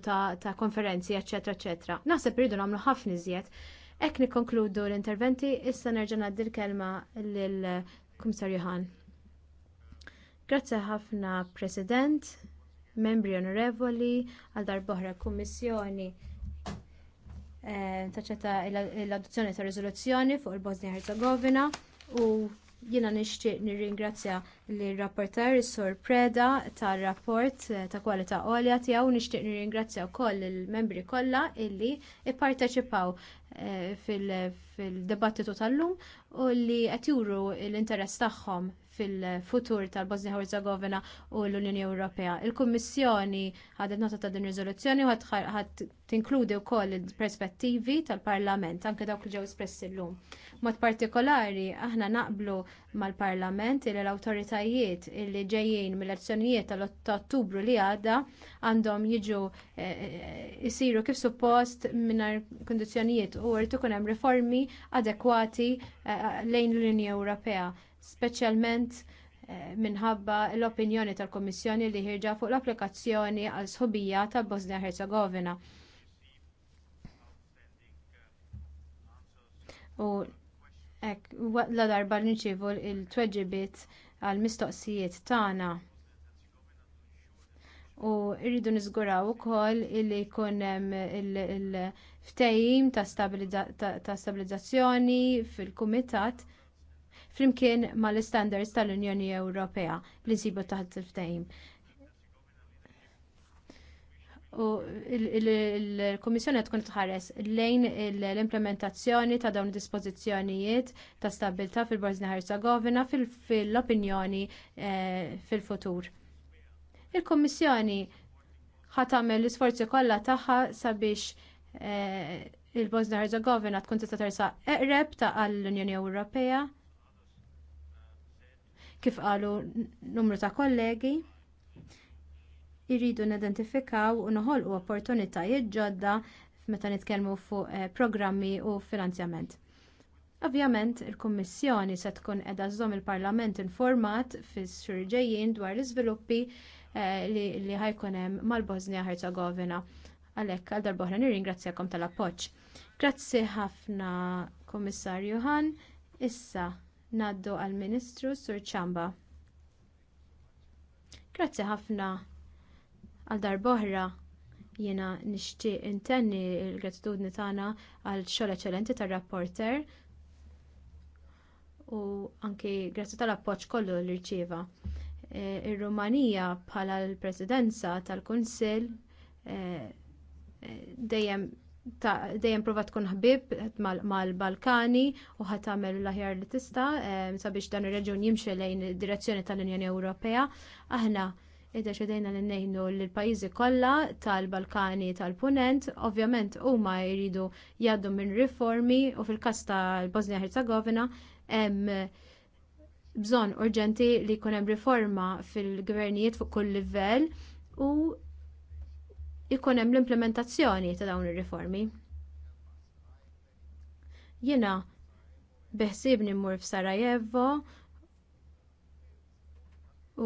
ta', ta konferenzi, eccetera, eccetera. Naħseb rridu nagħmlu ħafna iżjed. Ek nikkonkludu l-interventi, issa nerġa' ngħaddi l-kelma lill-Kumissar Johan. Grazzi ħafna President, membri onorevoli, għal darbohra Kummissjoni eh, taċċetta l-adozzjoni ta' riżoluzzjoni fuq il-Bosnia Herzegovina u Jiena nixtieq nirringrazzja li rapportar Sur Preda tar rapport eh, ta' kwalità għolja tiegħu nixtieq nirringrazzja wkoll il-membri kollha illi i-parteċipaw eh, fil-dibattitu tal-lum u li qed juru l-interess tagħhom fil-futur tal-Bosnia Herzegovina u l-Unjoni Ewropea. Il-Kummissjoni ħadet nota ta' din riżoluzzjoni u ħad tinkludi wkoll il-perspettivi tal-Parlament anke dawk li ġew espressi llum. Mod partikolari aħna naqblu mal-Parlament li l-awtoritajiet li ġejjin mill-elezzjonijiet tal-8 Ottubru li għadda għandhom jiġu jisiru eh, eh, kif suppost mingħajr kundizzjonijiet u rrid ikun hemm riformi adekwati eh, lejn l-Unjoni Ewropea speċjalment eh, minħabba l-opinjoni tal kummissjoni li ħirġa fuq l-applikazzjoni għal sħubija ta' Bosnia Herzegovina. U ek, la darba nċivu il-tweġibiet għal mistoqsijiet tagħna. U rridu niżguraw ukoll illi jkun hemm il-ftehim ta' stabilizzazzjoni fil-kumitat flimkien mal-istandards tal-Unjoni Ewropea li insibu taħt il-ftehim. U il-Komissjoni tkun tħares lejn l-implementazzjoni ta' dawn dispożizzjonijiet ta' stabilta' fil-Bosnia Herzegovina fil-opinjoni eh, fil-futur. Il-Komissjoni ħatamel l-isforzi kollha tagħha sabiex eh, il-Bosnia Herzegovina tkun tista' tersa eqreb ta' għall-Unjoni Ewropea kif qalu numru ta' kollegi irridu nidentifikaw u noħolqu opportunitajiet ġodda meta nitkellmu fuq eh, programmi u finanzjament. Ovvjament, il-Kummissjoni se tkun qiegħda żżomm il-Parlament informat fis xhur ġejjin dwar l-iżviluppi eh, li ħajkun hemm mal-Bosnia Herzegovina. Għalhekk għal darb'oħra nirringrazzjakom tal-appoġġ. Grazzi ħafna Kummissarju Han. Issa Naddu għall Ministru Sur Ċamba. Grazzi ħafna għal darboħra jiena nixtieq intenni l-gratitudni tagħna għal xogħol eċċellenti tar-rapporter u anki grazzi tal-appoġġ kollu li rċieva. E, Ir-Rumanija bħala l-Presidenza tal-Kunsill e, e, dejjem ta' dejjem prova tkun ħbib mal-Balkani u ħat tagħmel l-aħjar li tista' sabiex dan ir-reġjun jimxi lejn id-direzzjoni tal-Unjoni Ewropea. Aħna iddeċidejna li ngħidu lill pajjiżi kollha tal-Balkani tal-Punent, ovvjament huma jridu jaddu minn riformi u fil-każ tal-Bosnia Herzegovina hemm bżonn urġenti li jkun hemm riforma fil-gvernijiet fuq kull livell u ikun hemm l-implementazzjoni ta' dawn ir-riformi. Jiena beħsibni mmur f'Sarajevo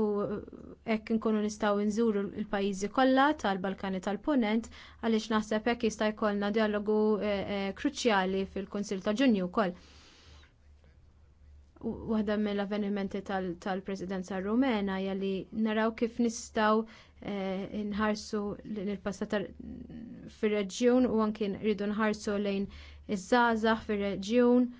u hekk inkunu nistgħu nżuru l-pajjiżi kollha tal-Balkani tal-Punent għaliex naħseb hekk jista' jkollna dialogu eh, eh, kruċjali fil-Kunsil ta' Ġunju wkoll waħda mill-avvenimenti tal-presidenza tal rumena jalli naraw kif nistaw eh, nħarsu il passat fir reġjun u anki rridu nħarsu lejn iż-żazax fir reġjun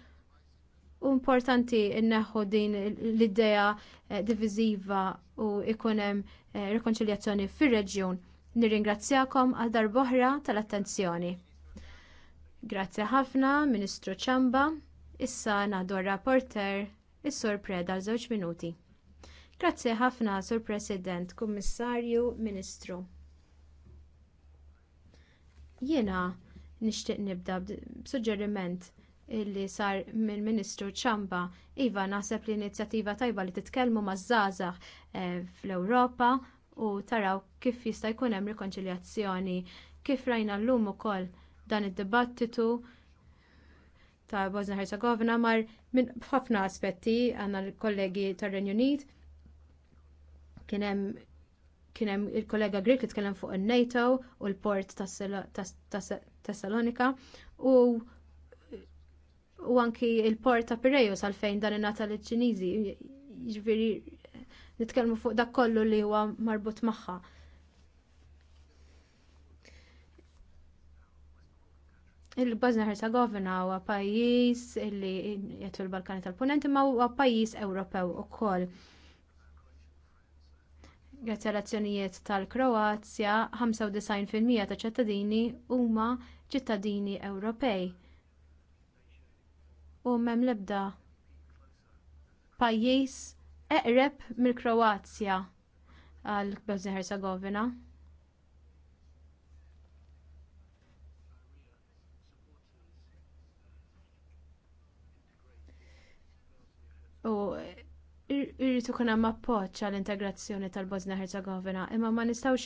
U importanti nneħħu din l-idea eh, diviziva u jkun eh, rekonċiljazzjoni fir reġjun Nirringrazzjakom għal darboħra tal-attenzjoni. Grazzi ħafna, Ministru Ċamba. Issa naħdu r-rapporter is-Sur Preda għal żewġ minuti. Grazzi ħafna Sur President, Kummissarju, Ministru. Jiena nixtieq nibda b'suġġeriment illi sar mill ministru ċamba. Iva naħseb l-inizjattiva tajba li titkellmu maż-żgħażagħ eh, fl-Ewropa u taraw kif jista' jkun hemm rikonċiljazzjoni. Kif rajna llum ukoll dan id-dibattitu ta' Bosnia Herzegovina mar minn ħafna aspetti għandna l-kollegi tar-Renju Unit kien hemm il-kollega Grek li tkellem fuq il-NATO u l-port ta' salonika u u anki il-port ta' Pirejus għalfejn dan ingħata l ċiniżi ġviri jiġifieri, nitkellmu fuq dak kollu li huwa marbut magħha. il-Bosnia Herzegovina huwa pajjiż li jgħetu l-Balkani tal-Punent imma huwa pajjiż Ewropew ukoll. Grazzi għal azzjonijiet tal-Kroazja, 95% ta' ċittadini huma ċittadini Ewropej. U mem lebda pajjiż eqreb mill-Kroazja għal Bosnia Herzegovina. u irrid kuna ma poċa l integrazzjoni tal-Bosnia Herzegovina, imma ma nistgħux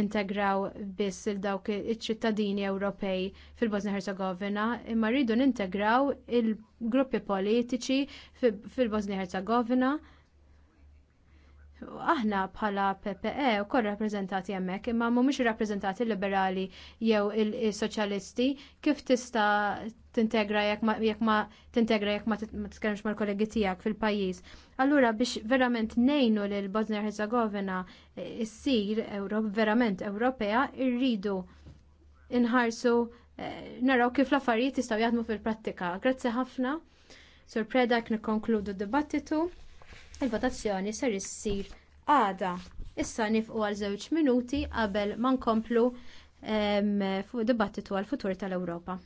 nintegraw biss il dawk iċ-ċittadini Ewropej fil-Bosnia Herzegovina, imma rridu nintegraw il-gruppi politiċi fil-Bosnia Herzegovina aħna bħala PPE u kol rappresentati hemmhekk, imma mhumiex rappresentati liberali jew il-soċjalisti kif tista t-integra jekk ma t-integra jekk ma ma mal-kollegi tiegħek fil-pajjiż. Allura biex verament nejnu l Bosnia Herzegovina s-sir verament Ewropea irridu inħarsu eh, naraw kif l-affarijiet jistgħu jaħdmu fil-prattika. Grazzi ħafna. Sur Preda nikkonkludu d-dibattitu. Il-votazzjoni ser issir għada. Issa nifqu għal żewġ minuti qabel ma nkomplu ehm, fuq dibattitu għal futur tal-Ewropa.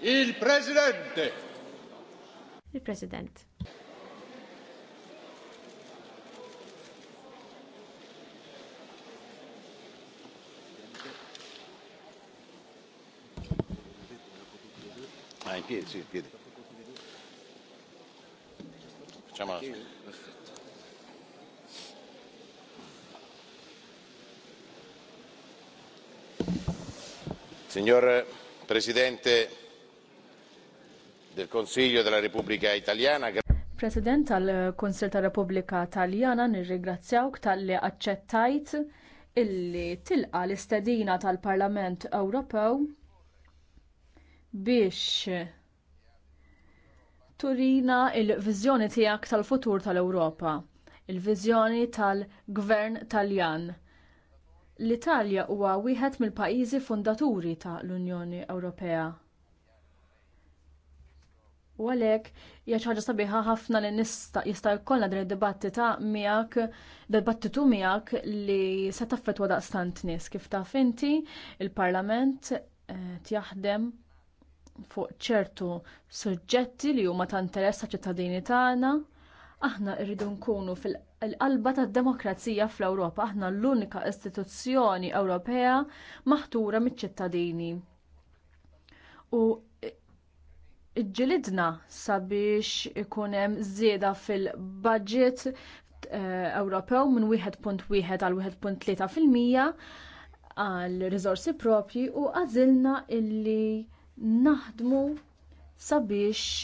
Il-Presidente. Il-President. Ah, in piedi, sì, in piedi. Facciamo la Signor Presidente, del Consiglio della Repubblica Italiana. President tal-Konsil tal-Repubblika Taljana nirringrazzjawk tal-li aċċettajt illi tilqa l-istedina tal-Parlament Ewropew biex turina il-vizjoni tiegħek tal-futur tal-Ewropa, il-vizjoni tal-Gvern Taljan. L-Italja huwa wieħed mill-pajjiżi fundaturi tal-Unjoni Ewropea. U għalhekk hija ħaġa sabiħa ħafna li nista' jista' jkollna din id-dibattita miegħek debattitu miegħek li se wada daqstant nies kif taf inti il-Parlament tjaħdem eh, fuq ċertu suġġetti li huma ta' interess ta' ċittadini tagħna. Aħna rridu nkunu fil-qalba tad-demokrazija fl-Ewropa, aħna l-unika istituzzjoni Ewropea maħtura miċ-ċittadini. U ġilidna sabiex ikun hemm żieda fil-budget eh, Ewropew minn 1.1 għal 1.3 fil-mija għal rizorsi propji u għażilna illi naħdmu sabiex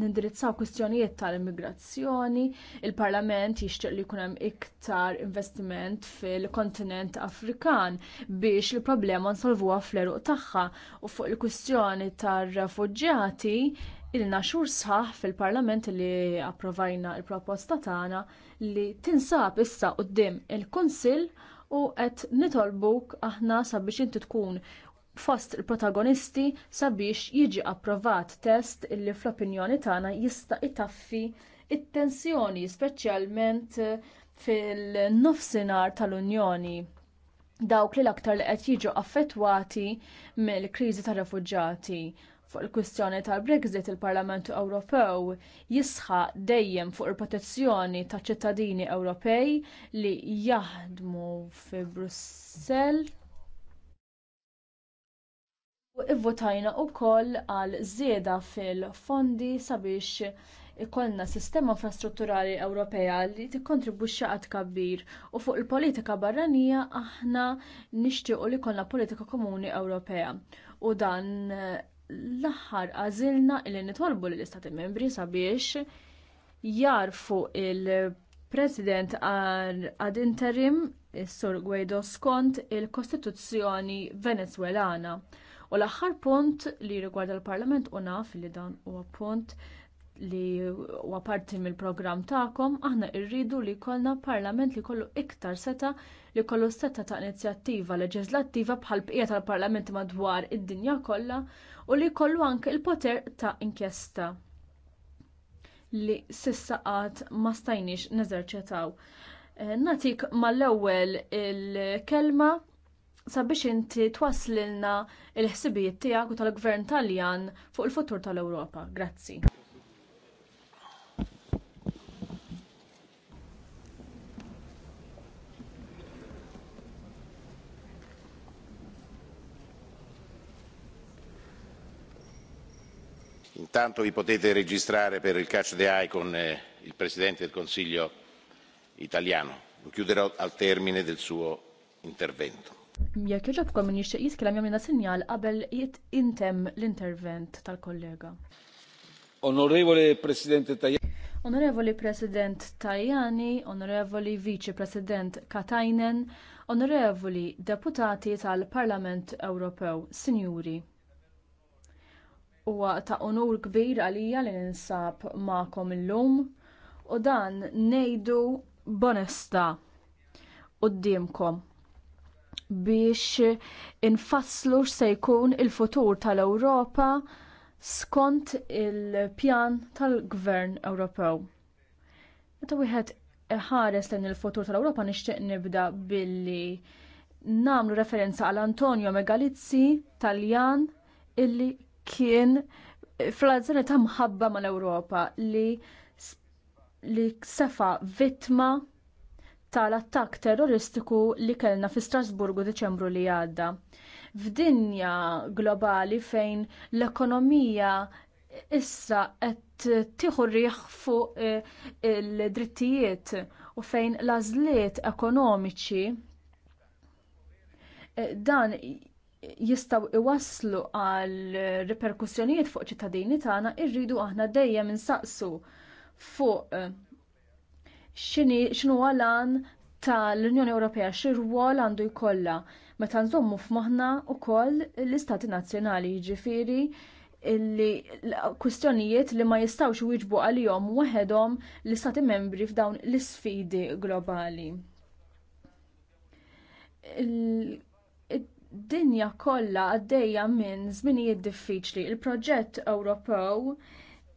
nindirizzaw kwistjonijiet tal-immigrazzjoni, il-Parlament jixtieq li jkun hemm iktar investiment fil-kontinent Afrikan biex il-problema nsolvuha fl-eruq tagħha u fuq il-kwistjoni tar-refuġġjati ilna xhur sħaħ fil-Parlament li approvajna l proposta tagħna li tinsab issa quddiem il-Kunsill u qed nitolbuk aħna sabiex inti tkun fost il-protagonisti sabiex jiġi approvat test illi fl-opinjoni tagħna jista' itaffi t tensjoni speċjalment eh, fil-nofsinhar tal-Unjoni dawk li l-aktar li qed jiġu affettwati mill-kriżi tar-refuġġati. Fuq il-kwistjoni tal-Brexit il-Parlament Ewropew jisħa dejjem fuq il-protezzjoni taċ ċittadini Ewropej li jaħdmu fi Brussell U ivvotajna wkoll għal żieda fil-fondi sabiex ikollna sistema infrastrutturali Ewropea li tikkontribwixxi għad kabbir u fuq il-politika barranija aħna nixtiequ li jkollna politika komuni Ewropea. U dan l-aħħar għażilna li nitolbu lill istati membri sabiex jarfu il-President Ad interim is-Sur Guaido skont il-Kostituzzjoni Venezwelana U l-aħħar punt li rigward l-Parlament u naf li dan huwa punt li huwa parti mill-programm tagħkom, aħna rridu li jkollna parlament li kollu iktar seta li kollu seta ta' inizjattiva leġislattiva bħal bqija tal-parlament madwar id-dinja kollha u li kollu anke il-poter ta' inkjesta li sissa qatt ma stajniex neżerċetaw. Eh, natik mal-ewwel il-kelma sabiex inti twaslilna il-ħsibijiet tiegħek u tal-Gvern Taljan fuq il-futur tal-Ewropa. Grazzi. Intanto vi potete registrare per il Catch the Eye con eh, il Presidente del Consiglio italiano. Lo chiuderò al termine del suo intervento. Jekk iġobkom min jixtieq jiskellem jagħmilna sinjal qabel jintem l-intervent tal-kollega. Onorevole Presidente Tajani. Onorevoli President Tajani, Onorevoli Vice President Katajnen, Onorevoli Deputati tal-Parlament Ewropew, Sinjuri. Huwa ta' onur kbir għalija li ninsab ma'kom illum u dan ngħidu bonesta qudiemkom biex infasslu x'se jkun il-futur tal-Ewropa skont il-pjan tal-Gvern Ewropew. Meta wieħed ħares lejn il-futur tal-Ewropa nixtieq nibda billi namlu referenza għal Antonio Megalizzi Taljan illi kien fl-azzjoni ta' mħabba mal-Ewropa li li sefa vittma tal-attakk terroristiku li kellna fi Strasburgu Diċembru li għadda. F'dinja globali fejn l-ekonomija issa qed tieħu riħ fuq eh, il-drittijiet u fejn l-għażliet ekonomiċi eh, dan jistaw iwasslu għal riperkussjonijiet fuq ċittadini tagħna irridu aħna dejjem insaqsu fuq eh, xinu għalan tal-Unjoni Ewropea xi rwol għandu jkollha meta nżommu f'moħħna wkoll l-istati nazzjonali jiġifieri li kwistjonijiet li ma jistawx wieġbu għalihom waħedhom l-istati membri f'dawn l-isfidi globali. Id-dinja kollha għaddejja minn żminijiet diffiċli. Il-proġett Ewropew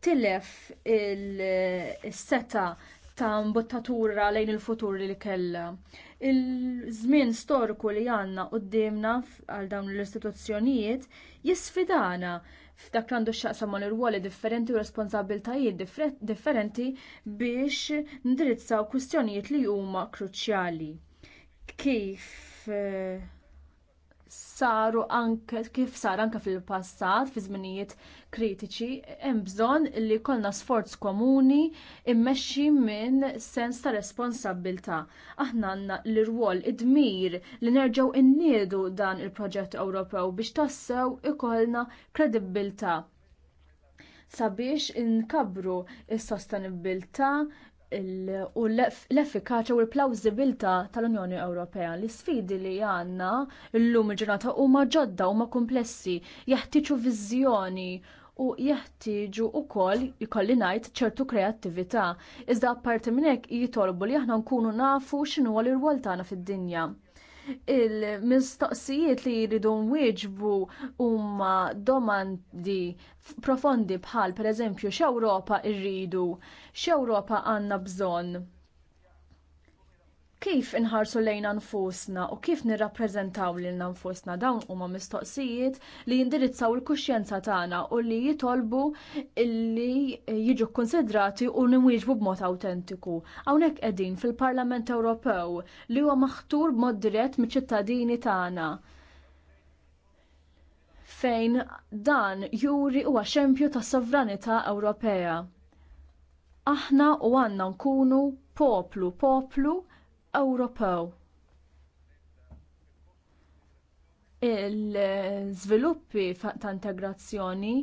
tilef il-seta ta' mbottatura lejn il-futur li kellha. Il-żmien storiku li għandna qudiemna għal dawn l-istituzzjonijiet jisfidana f'dak li għandu x'aqsam l irwoli differenti u responsabiltajiet differenti biex ndirizzaw kwistjonijiet li huma kruċjali. Kif eh, saru anke kif sar anke fil-passat fi żminijiet kritiċi hemm bżonn li jkollna sforz komuni immexxi minn sens ta' responsabilità. Aħna għandna l-irwol id-dmir li nerġgħu nniedu dan il-proġett Ewropew biex tassew ikollna kredibilità sabiex inkabru s sostenibilità u l-effikaċa u l-plawzibilta tal-Unjoni Ewropea. L-sfidi li għanna l-lum ġurnata u ġodda u ma komplessi, jeħtieġu vizjoni u jeħtieġu wkoll jkolli ngħid ċertu kreattività. Iżda apparti minn hekk jitolbu li aħna nkunu nafu x'inhu l-irwol tagħna fid-dinja il-mistoqsijiet li jridu nwieġbu huma domandi profondi bħal pereżempju x'Ewropa rridu, x'Ewropa għandna bżonn kif inħarsu lejna nfusna u kif nirrappreżentaw lil nfusna dawn huma mistoqsijiet li jindirizzaw il-kuxjenza tagħna u li jitolbu li jiġu konsidrati u nimwieġbu b'mod awtentiku. Hawnhekk qegħdin fil-Parlament Ewropew li huwa maħtur b'mod dirett miċ-ċittadini tagħna fejn dan juri huwa xempju ta' sovranità Ewropea. Aħna u għandna nkunu poplu, poplu Ewropew. Il-żviluppi ta' integrazzjoni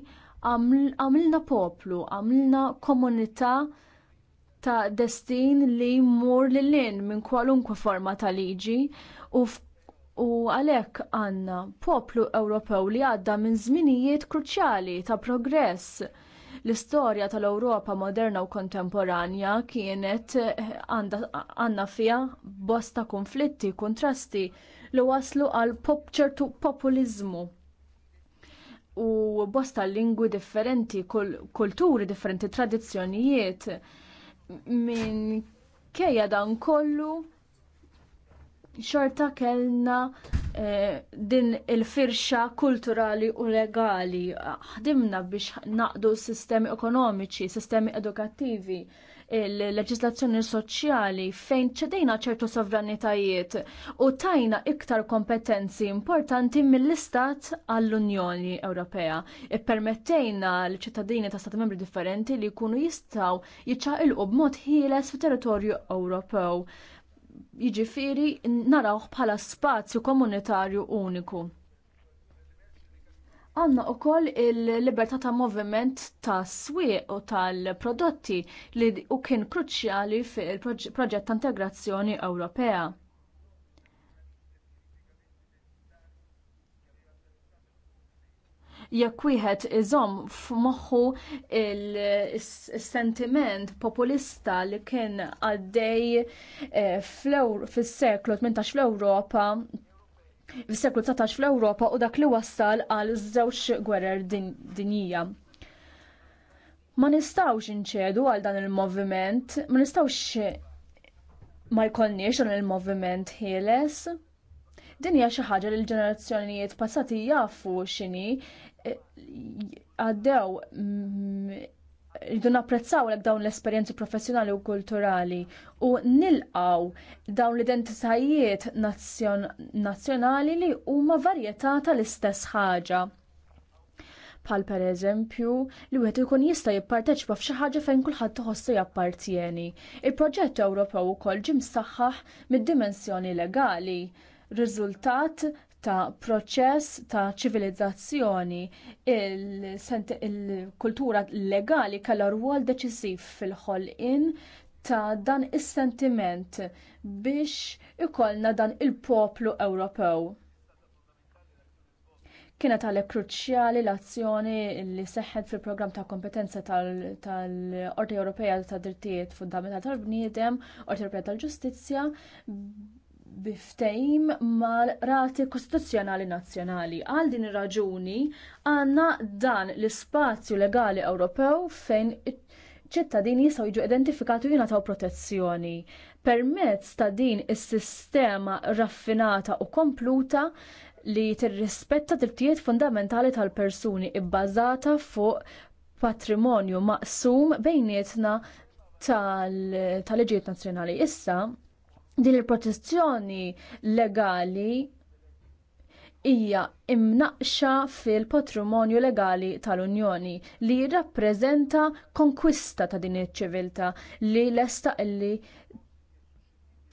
għamilna poplu, għamilna komunità ta' destin li mmur lil minn kwalunkwe forma ta' liġi u u għalhekk għandna poplu Ewropew li għadda minn żminijiet kruċjali ta' progress L-istorja tal-Ewropa moderna u kontemporanja kienet eh, għandna fiha bosta konflitti, kontrasti li waslu għal pop ċertu populiżmu u bosta lingwi differenti, kulturi differenti, tradizzjonijiet minn kejja dan kollu xorta kellna Eh, din il-firxa kulturali u legali. Ħdimna biex naqdu sistemi ekonomiċi, sistemi edukattivi, il-leġislazzjoni soċjali fejn ċedejna ċertu sovranitajiet u tajna iktar kompetenzi importanti mill-Istat għall-Unjoni Ewropea. Ippermettejna l-ċittadini ta' stati membri differenti li jkunu jistaw jiċċaqilqu b'mod ħieles fit territorju Ewropew jiġifieri narawh bħala spazju komunitarju uniku. Għanna u koll il-libertà ta' moviment ta' swieq u tal-prodotti li u kien kruċjali fil-proġett ta' integrazzjoni Ewropea. jekk wieħed iżomm f'moħħu il-sentiment populista li kien għaddej eh, fis-seklu 18 fl-Ewropa fis-seklu 19 fl-Ewropa u dak li wassal għal żewġ gwerer dinjija. Ma nistawx inċedu għal dan il-moviment, ma nistawx ma jkollniex dan il-moviment ħieles din hija xi ħaġa li l-ġenerazzjonijiet passati jafu x'inhi għaddew mm, rridu napprezzaw l dawn l-esperienzi professjonali u kulturali u nilqaw dawn l-identitajiet nazzjonali li huma varjetà tal-istess ħaġa. Pal per eżempju, li wieħed ikun jista' jipparteċipa f'xi ħaġa fejn kulħadd iħossu jappartjeni. Il-proġett Ewropew ukoll ġim saħħaħ mid-dimensjoni legali riżultat ta' proċess ta' ċivilizzazzjoni. Il-kultura il legali kellha rwol deċisiv fil-ħolqien ta' dan is-sentiment biex ikollna dan il-poplu Ewropew. Kienet għalhekk kruċjali l-azzjoni li seħħet fil-programm ta' kompetenza tal-Qorti Ewropea tad Drittijiet Fundamentali tal-Bniedem, Qorti Ewropea tal-Ġustizzja biftejm mal-rati kostituzzjonali nazzjonali. Għal din ir-raġuni għandna dan l-ispazju legali Ewropew fejn ċittadini jistgħu jiġu identifikati u jingħataw protezzjoni. Permezz ta' din is-sistema raffinata u kompluta li tirrispetta drittijiet fundamentali tal-persuni ibbażata fuq patrimonju maqsum bejnietna tal-liġijiet nazzjonali. Issa, Din il-protezzjoni legali hija imnaqxa fil-patrimonju legali tal-Unjoni li jirrappreżenta konkwista ta' din iċ-ċiviltà li lesta illi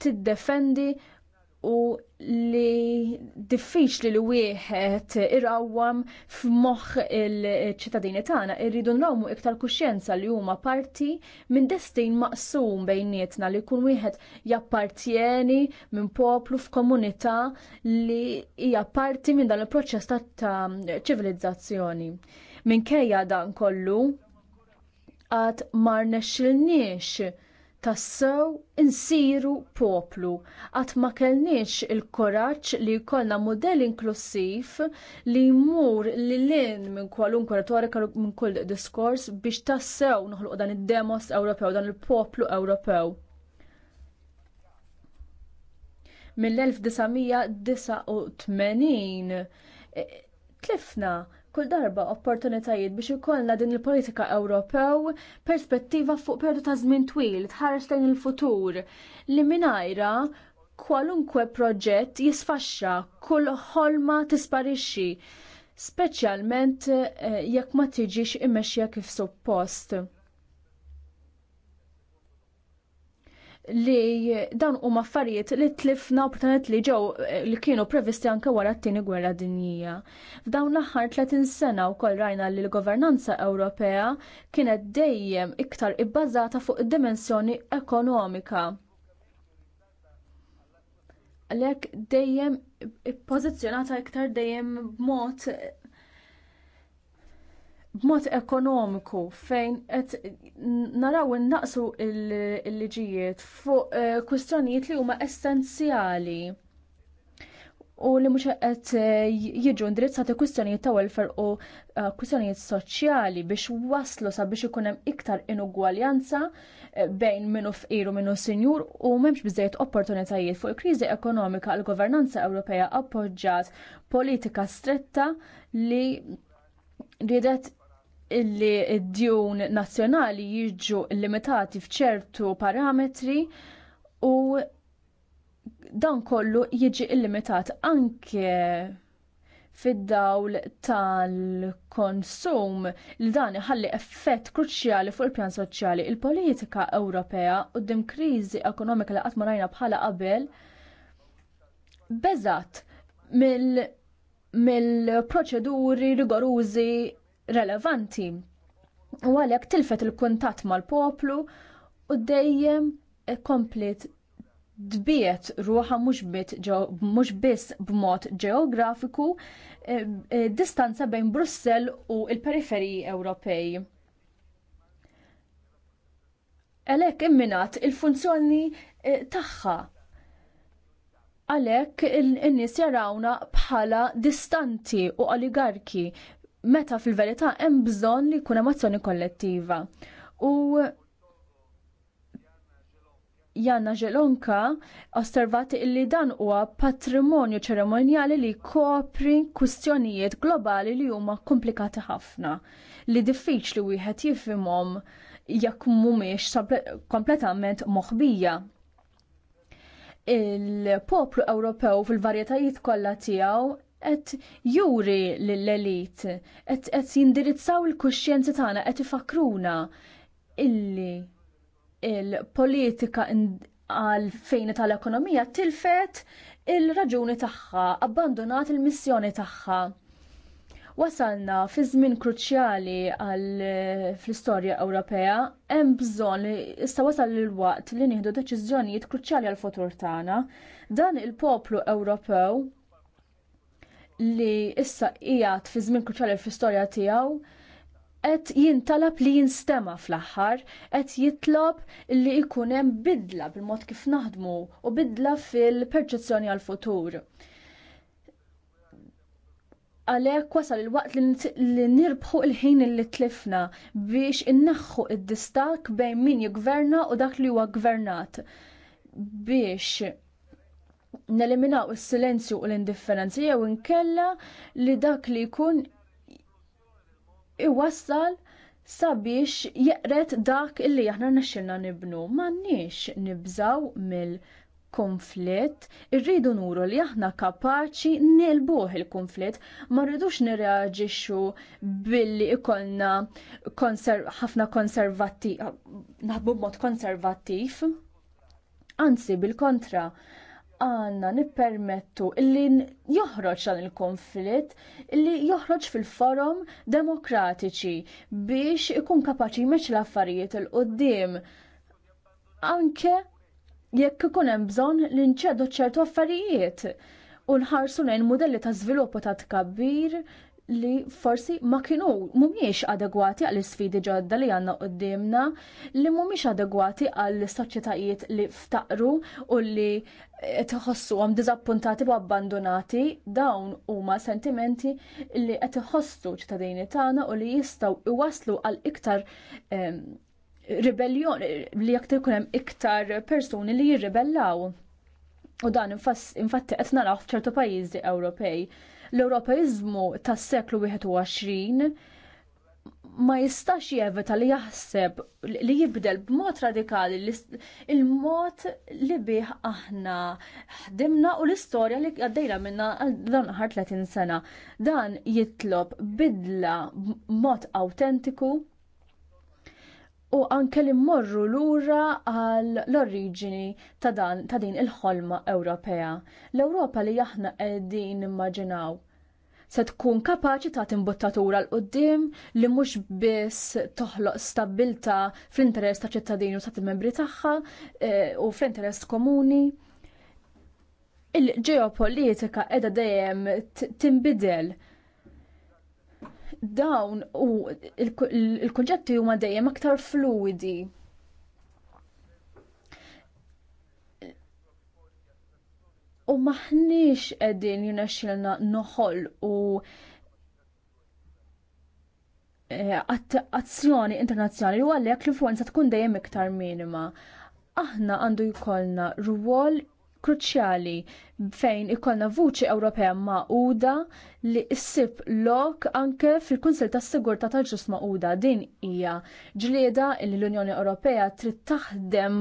tiddefendi u li diffiċli li wieħed irawwam f'moħħ il-ċittadini tagħna irridu nrawmu iktar kuxjenza li huma parti minn destin maqsum bejnietna li jkun wieħed jappartjeni minn poplu f'komunità li hija parti minn dan il-proċess ta' ċivilizzazzjoni. Minkejja dan kollu għad ma rnexxilniex tassew insiru poplu, għat ma kellniex il-koraċ li jkollna modell inklusiv li jmur li lin minn kwalunkwe retorika minn kull diskors biex tassew noħluq dan id-demos Ewropew, dan il-poplu Ewropew. Mill-1989 e, tlifna kull darba opportunitajiet biex ikollna din il-politika Ewropew perspettiva fuq perdu ta' żmien twil tħares lejn il-futur li mingħajra kwalunkwe proġett jisfaxxa kull ħolma tisparixxi speċjalment eh, jekk ma tiġix immexxija kif suppost. li dan u maffariet li tlifna opportunit li ġew eh, li kienu previsti anke wara t-tieni gwerra dinjija. F'dawn l-aħħar 30 sena wkoll rajna li l-governanza Ewropea kienet dejjem iktar ibbażata fuq id-dimensjoni ekonomika. Għalhekk dejjem pozizjonata iktar dejjem b'mod b'mod ekonomiku fejn qed naraw innaqsu l-liġijiet fuq eh, kwistjonijiet li huma essenzjali u li mhux qed eh, jiġu indirizzati kwistjonijiet ta' welfare u eh, kwistjonijiet soċjali biex waslu sabiex ikun hemm iktar inugwaljanza bejn minnu fqir u minu sinjur u m'hemmx biżejjed opportunitajiet fuq il-kriżi ekonomika l governanza Ewropea appoġġjat politika stretta li ridet illi id-djun nazzjonali jiġu limitati f'ċertu parametri u dan kollu jiġi illimitat anke fid-dawl tal-konsum li dan iħalli effett kruċjali fuq il-pjan soċjali. Il-politika Ewropea quddiem kriżi ekonomika li qatt ma rajna bħala qabel beżat mill-proċeduri rigorużi relevanti. U għalhekk tilfet il-kuntatt mal-poplu u dejjem komplet dbiet ruħa mhux biss b'mod ġeografiku e, e, distanza bejn Brussell u l-periferiji Ewropej. Għalhekk imminat il-funzjoni e, tagħha għalek il nis jarawna bħala distanti u oligarki meta fil-verità hemm bżonn li jkun emozzjoni kollettiva. U Janna Ġelonka osservat illi dan huwa patrimonju ċeremonjali li kopri kwistjonijiet globali li huma komplikati ħafna li diffiċli wieħed jifhimhom jekk mhumiex kompletament moħbija. Il-poplu Ewropew fil-varjetajiet kollha tiegħu qed juri lill-elit, qed jindirizzaw il-kuxjenzi tagħna qed ifakruna illi il-politika għal fejn tal-ekonomija tilfet il-raġuni tagħha, abbandonat il-missjoni tagħha. Wasalna fi żmien kruċjali għal fl-istorja Ewropea hemm bżonn issa wasal il-waqt li nieħdu deċiżjonijiet kruċjali għal futur tagħna. Dan il-poplu Ewropew li issa qiegħed fi żmien kruċjali fl-istorja tiegħu qed jintalab li jinstema fl-aħħar, qed jitlob li jkun hemm bidla bil-mod kif naħdmu u bidla fil-perċezzjoni għal futur Għalhekk wasal il-waqt li nirbħu il-ħin li tlifna biex innaħħu id-distak bejn min jiggverna u dak li huwa gvernat biex neliminaw is-silenzju u l-indifferenzi jew inkella li dak li jkun iwassal sabiex jeqret dak illi aħna nixxilna nibnu. M'għandniex nibżaw mill-konflitt, irridu nuru li aħna kapaċi nilbuħ il-konflitt, ma rridux nirreaġixxu billi ikolna ħafna konservattiv, naħbu mod konservattiv. Anzi, bil-kontra, għanna nippermettu illi joħroġ dan il-konflitt, illi joħroġ fil-forum demokratiċi biex ikun kapaċi meċ l-affarijiet il-qoddim. Anke jekk ikun hemm bżonn li nċedu ċertu affarijiet u nħarsu lejn modelli ta' żviluppu ta' tkabbir li forsi ma kienu mumiex adegwati għall sfidi ġodda li għanna qoddimna, li mumiex adegwati għall soċjetajiet li ftaqru u li eh, tħossu għam dizappuntati u abbandonati, dawn huma sentimenti li qed iħossu ċittadini tagħna u li jistgħu iwaslu għal iktar ehm, ribellion li jekk ikun hemm iktar persuni li jirribellaw. U dan infatti qed naraw f'ċertu pajjiżi Ewropej l-Ewropeizmu tas-seklu 21 ma jistax jevita li jaħseb li jibdel b'mod radikali il-mod li bih aħna ħdimna u l-istorja li għaddejna minna dan ħar 30 sena. Dan jitlob bidla b'mod autentiku u anke li mmorru lura għal l-oriġini ta' ta' din il-ħolma Ewropea. L-Ewropa li aħna qegħdin immaġinaw se tkun kapaċi ta' timbottatura l-qoddim li mhux biss toħloq stabilta fl-interess ta' ċittadini u ta' membri tagħha e, u fl-interess komuni. Il-ġeopolitika qiegħda dejjem tinbidel dawn u il-kunġetti huma dejjem aktar fluidi. U maħniex edin jinaxilna noħol u e, azzjoni internazzjonali u għallek l-influenza tkun dejjem iktar minima. Aħna għandu jkollna rwol kruċjali fejn ikollna vuċi Ewropea maquda li ssib lok anke fil-Kunsil tas sigurtà tal-Ġus maquda. Din hija ġlieda li l-Unjoni Ewropea trid taħdem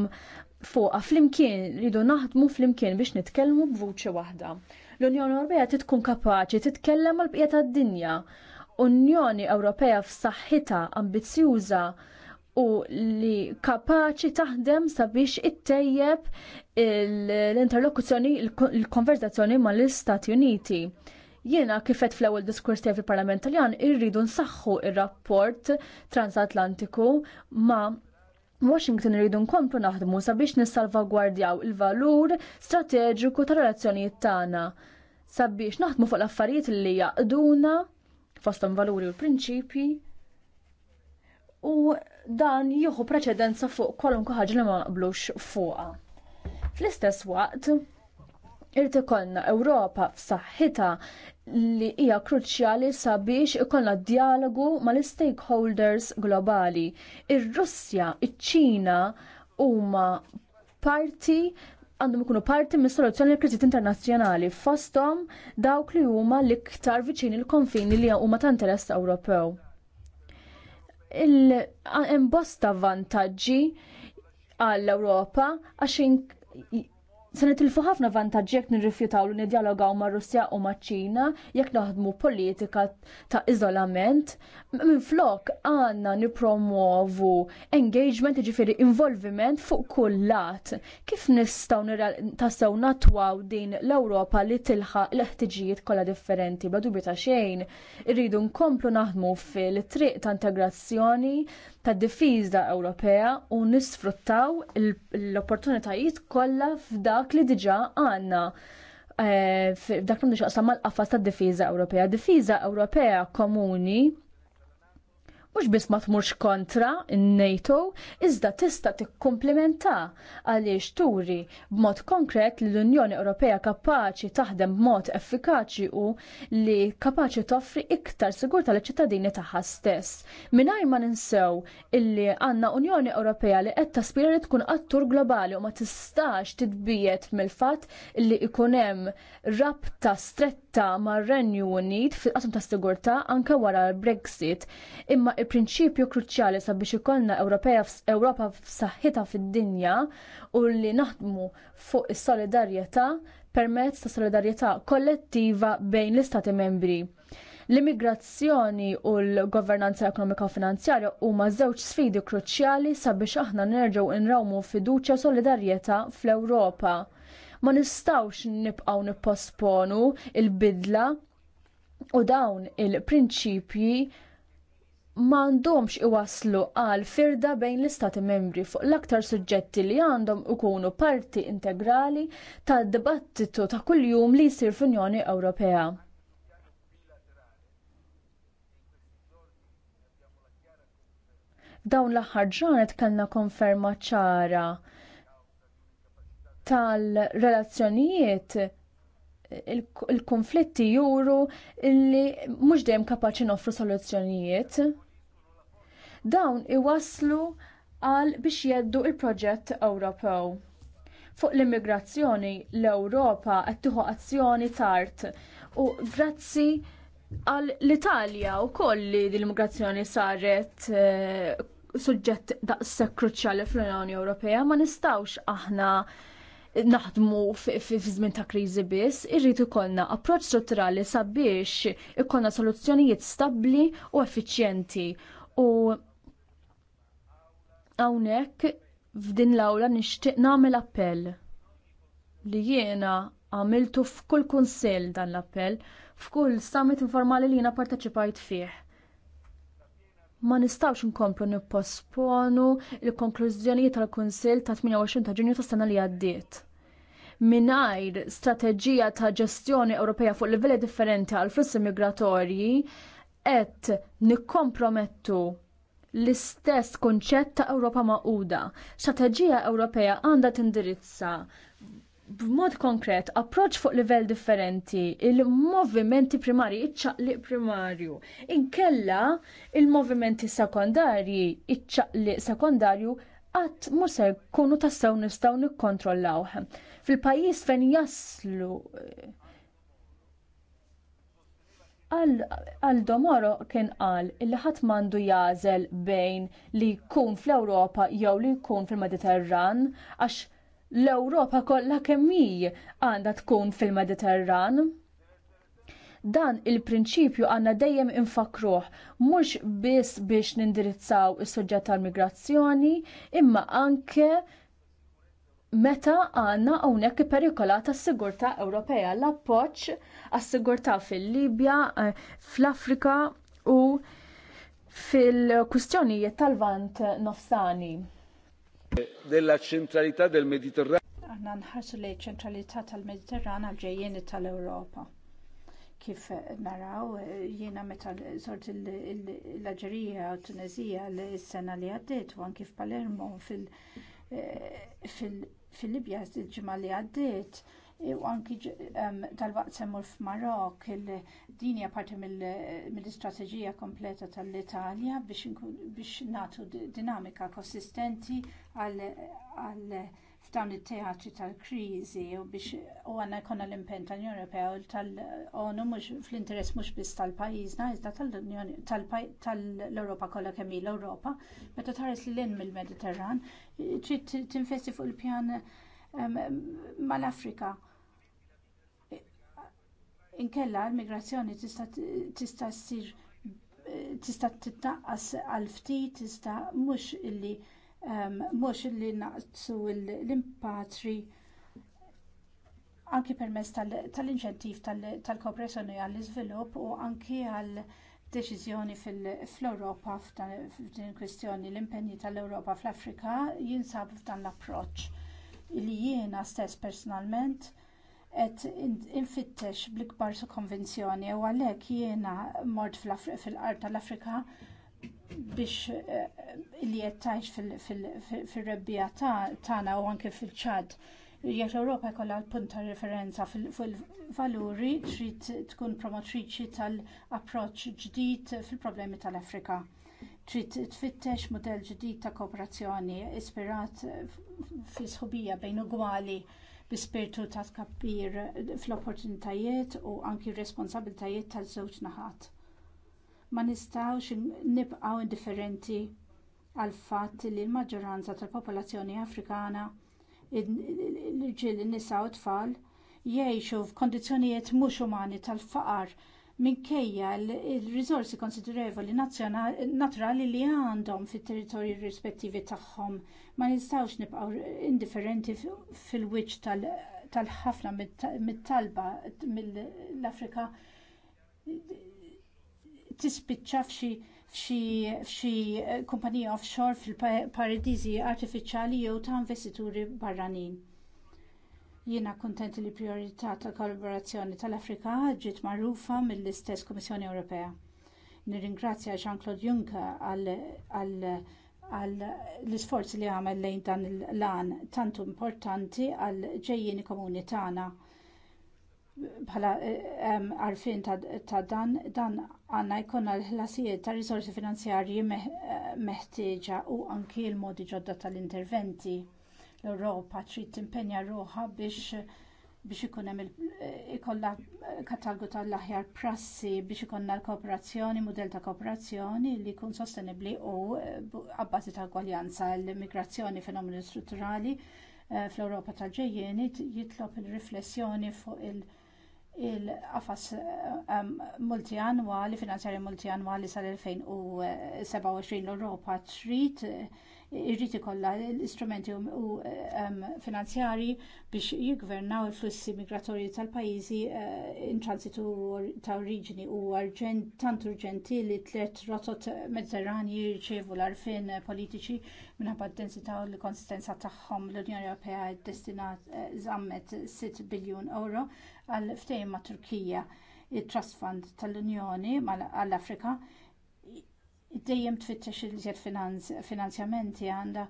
fuqha flimkien, rridu naħdmu flimkien biex nitkellmu b'vuċi waħda. L-Unjoni Ewropea trid tkun kapaċi titkellem mal bqija tad-dinja. Unjoni Ewropea f'saħħitha ambizzjuża u li kapaċi taħdem sabiex ittejjeb l-interlokuzzjoni, l-konverzazzjoni mal istati Uniti. Jiena kifet fl-ewwel diskurs tiegħi fil-Parlament Taljan irridu nsaħħu ir-rapport transatlantiku ma' Washington irridu nkomplu naħdmu sabiex nissalvagwardjaw il-valur strateġiku tar relazzjonijiet tagħna sabiex naħdmu fuq l-affarijiet li jaqduna fosthom valuri u l-prinċipji u dan jieħu preċedenza fuq kwalunkwe ħaġa li ma naqblux fuqha. Fl-istess waqt, irti ikollna Ewropa f'saħħita li hija kruċjali sabiex ikollna dialogu mal-stakeholders globali. Ir-Russja, iċ-Ċina huma parti għandhom ikunu parti mis soluzzjoni l kriżiet internazzjonali fosthom dawk li huma l-iktar viċini l-konfini li huma ta' interess Ewropew il-bosta vantaġġi għall-Ewropa għax Se nitilfu ħafna vantaġġi jekk nirrifjutaw li nidjalogaw ma' Russja u ma' Ċina jekk naħdmu politika ta' iżolament. Minflok għandna nipromovu engagement, jiġifieri involviment fuq kull lat. Kif nistgħu tassew natwaw din l-Ewropa li tilħaq l-ħtiġijiet kollha differenti bla bita ta' xejn. Irridu nkomplu naħdmu fil-triq ta' integrazzjoni tad difiża Ewropea u nisfruttaw l-opportunitajiet kollha f'dak li diġà għandna. Eh, f'dak li xaqsam mal-qafas tad difiża Ewropea. Difiża Ewropea komuni mhux biss ma tmurx kontra n-NATO, iżda tista' tikkumplimenta għaliex turi b'mod konkret li l-Unjoni Ewropea kapaċi taħdem b'mod effikaċi u li kapaċi toffri iktar sigur tal-ċittadini tagħha stess. Mingħajr ma ninsew illi għandna Unjoni Ewropea li qed taspira li tkun attur globali u ma tistax titbiet mill-fatt li ikun hemm rabta stretta mar-Renju Unit fil-qasam ta' sigurtà anke wara l-Brexit imma il-prinċipju kruċjali sabiex ikollna Ewropa f'saħħitha fid-dinja u li naħdmu fuq is-solidarjetà permezz ta' solidarjetà kollettiva bejn l-istati membri. L-immigrazzjoni u l-governanza ekonomika u finanzjarja huma żewġ sfidi kruċjali sabiex aħna nerġgħu nrawmu fiduċja u solidarjetà fl-Ewropa. Ma nistgħux nibqgħu nipposponu il-bidla u dawn il-prinċipji m'għandhomx iwasslu għal firda bejn l-istati membri fuq l-aktar suġġetti li għandhom ikunu parti integrali tad dibattitu ta' kuljum li jsir fl-Unjoni Ewropea. Dawn l-aħħar ġranet kellna konferma ċara tal-relazzjonijiet il-konflitti juru li mhux dejjem kapaċi noffru soluzzjonijiet. Dawn iwasslu għal biex jeddu il-proġett Ewropew. Fuq l-immigrazzjoni l-Ewropa qed tieħu azzjoni tard u grazzi għal l-Italja u kolli l-immigrazzjoni saret eh, suġġett daqshekk kruċjali fl-Unjoni Ewropea ma nistawx aħna naħdmu f'żmien ta' kriżi biss, irrid ikollna approċċ strutturali sabiex ikollna soluzzjonijiet stabbli u effiċjenti u Hawnhekk f'din l-awla nixtieq nagħmel appell li jiena għamiltu f'kull kunsill dan l-appell, f'kull summit informali li jiena parteċipajt fih. Ma nistawx nkomplu nipposponu l-konklużjonijiet tal-Kunsill ta' 28 ta' Ġunju tas sena li għaddiet minajr strateġija ta' ġestjoni Ewropea fuq livelli differenti għal flussi migratorji qed nikkompromettu l-istess konċett ta' Ewropa maquda. Strateġija Ewropea għandha tindirizza b'mod konkret, approċ fuq livell differenti, il-movimenti primari, iċċaqliq primarju, inkella il-movimenti sekondarji, iċċaqliq sekondarju, għat se kunu tassaw nistaw nikkontrollawħ. Fil-pajis fejn jaslu għal domoro kien qal li ħadd m'għandu jażel bejn li jkun fl-Ewropa jew li jkun fil-Mediterran għax l-Ewropa kollha kemm hi għandha tkun fil-Mediterran. Dan il-prinċipju għandna dejjem infakruh mhux biss biex nindirizzaw is-suġġett tal-migrazzjoni imma anke meta għandna hawnhekk perikolata s-sigurtà Ewropea l-appoġġ għas-sigurtà fil-Libja, eh, fl-Afrika u fil-kustjonijiet tal-vant nofsani. Della ċentralità del Mediterraneo. Aħna nħarsu li ċentralità tal-Mediterran għal-ġejjeni tal-Ewropa. Kif naraw, jiena meta zort l-Alġerija u Tunezija l-sena li għaddiet u kif Palermo fil- eh, fil- fil-Libja il-ġimgħa li għaddiet e, u anki tal-waqt semmur f'Marok il-dini parti mill-istrateġija kompleta tal-Italja biex natu dinamika konsistenti għal f'dawn it teħaċi tal-kriżi u biex u għanna jkollna l-impen tal-Unjoni Ewropea u tal-ONU mhux fl-interess mhux biss tal-pajjiżna iżda tal-Ewropa kollha kemm hi l-Ewropa, meta tħares lil hinn mill-Mediterran, trid tinfesti fuq il-pjan mal-Afrika. Inkella l-migrazzjoni tista' ssir tista' titnaqqas għal ftit, tista' mhux illi mhux li naqsu l-impatri anki permezz tal-inċentiv tal-kooperazzjoni għall-iżvilupp u anki għal deċiżjoni fl-Ewropa f'din kwistjoni l-impenji tal-Ewropa fl-Afrika jinsab f'dan l-approċċ li jiena stess personalment qed infittex bl-ikbar konvenzjoni u għalhekk jiena mort fil-qart tal-Afrika biex eh, li jettajx fil-rebbija tagħna u anke fil-ċad jekk l-Ewropa jkollha l-punt ta' referenza fil-valuri trid tkun promotriċi tal-approċċ ġdid fil-problemi tal-Afrika. Trid tfittex mudell ġdid ta' kooperazzjoni ispirat fi sħubija bejn ugwali bi spirtu ta' tkabbir fl-opportunitajiet u anki r responsabiltajiet tal-żewġ naħat ma nistgħux nibqgħu indifferenti għal fatt li l-maġġoranza tal-popolazzjoni Afrikana l-ġil nisa u tfal jgħixu f'kondizzjonijiet mhux umani tal-faqar minkejja l-riżorsi konsidervoli naturali li għandhom fit-territorji rispettivi tagħhom ma nistgħux nibqgħu indifferenti fil-wiċċ tal-ħafna mit-talba mill-Afrika tispiċċa f'xi eh, kumpanija offshore fil-paradiżi artifiċjali jew ta' investituri barranin. Jiena kuntent li priorità tal kollaborazzjoni tal-Afrika ġiet magħrufa mill-istess Kummissjoni Ewropea. Nirringrazzja Jean-Claude Juncker għal l-isforzi li għamel lejn dan il-lan tantu importanti għal ġejjini komuni tagħna bħala għarfien ta' dan dan għanna jkun l-ħlasijiet ta' risorsi finanzjarji meħtieġa u anki l-modi ġodda tal-interventi. L-Europa trid timpenja ruħa biex biex ikun hemm ikollha katalgu tal-aħjar prassi biex ikollna l-kooperazzjoni, mudell ta' kooperazzjoni li jkun sostenibbli u abbażi ta' gwaljanza l-immigrazzjoni fenomeni strutturali eh, fl-Ewropa tal-ġejjeni jitlob il-riflessjoni fuq il-, -riflessjoni fuq il il-qafas ehm, multi finanzjarji finanzjari multi sal-2027 l-Europa trid irrid ikollha l-istrumenti u ehm, finanzjari biex jigvernaw il-flussi migratorji tal-pajjiżi eh, intransitu ta' oriġini u arġent tant urġenti li tliet rotot mediterrani jirċevu l-arfin politiċi minħabba d-densità u l-konsistenza tagħhom l-Unjoni Ewropea ddestinat żammet eh, 6 biljun euro għal ftehim ma' Turkija il-Trust Fund tal-Unjoni għall-Afrika dejjem tfittex il-żjed finanzjamenti għandha